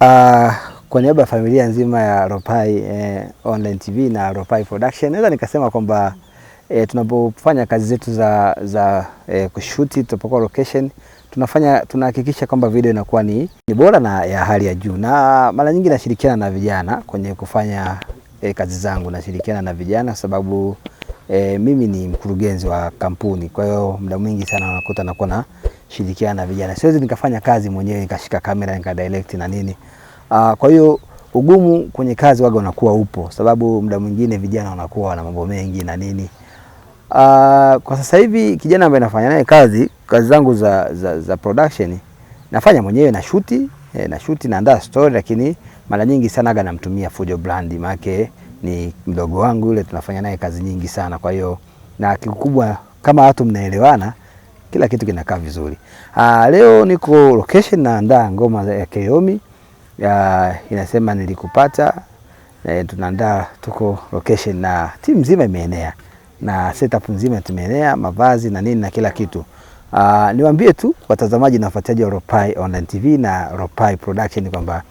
Uh, kwa niaba ya familia nzima ya Ropai eh, Online TV na Ropai Production naweza nikasema kwamba eh, tunapofanya kazi zetu za, za eh, kushuti tunapokuwa location tunafanya tunahakikisha kwamba video inakuwa ni, ni bora na ya hali ya juu, na mara nyingi nashirikiana na vijana kwenye kufanya eh, kazi zangu. Nashirikiana na vijana sababu eh, mimi ni mkurugenzi wa kampuni, kwa hiyo muda mwingi sana nakuta nakuwa na shirikiana na vijana. Siwezi nikafanya kazi mwenyewe nikashika kamera nikadirect na nini. Aa, ah, kwa hiyo ugumu kwenye kazi waga unakuwa upo, sababu muda mwingine vijana wanakuwa wana mambo mengi na nini. Aa, ah, kwa sasa hivi kijana ambaye nafanya naye kazi, kazi zangu za, za, za production nafanya mwenyewe na shuti eh, na shuti naandaa story, lakini mara nyingi sana aga namtumia Fujo Brand make ni mdogo wangu yule, tunafanya naye kazi nyingi sana. Kwa hiyo na kikubwa kama watu mnaelewana kila kitu kinakaa vizuri. Aa, ah, leo niko location naandaa ngoma ya Kayomi ya inasema nilikupata e, tunaandaa tuko location na timu nzima imeenea na setup nzima tumeenea mavazi na nini na kila kitu. Aa, ah, niwaambie tu watazamaji na wafuatiaji wa Ropai Online TV na Ropai Production kwamba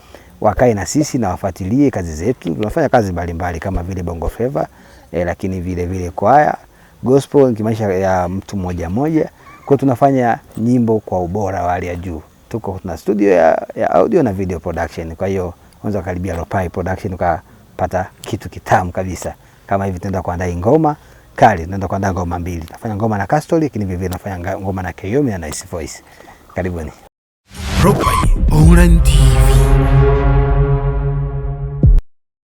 wakae na sisi na wafuatilie kazi zetu. Tunafanya kazi mbalimbali kama vile Bongo Flava e, lakini vile vile kwaya gospel, kimaisha ya mtu mmoja mmoja kwa tunafanya nyimbo kwa ubora wa hali ya juu. Tuko tuna studio ya, ya audio na video production. Kwa hiyo unaweza karibia Ropai Production ukapata kitu kitamu kabisa. Kama hivi tunaenda kuandaa ngoma kali, tunaenda kuandaa ngoma mbili. Tunafanya ngoma na Castori, lakini vivyo tunafanya ngoma na Kayomi na Nice Voice. Karibuni. Ropai Online TV.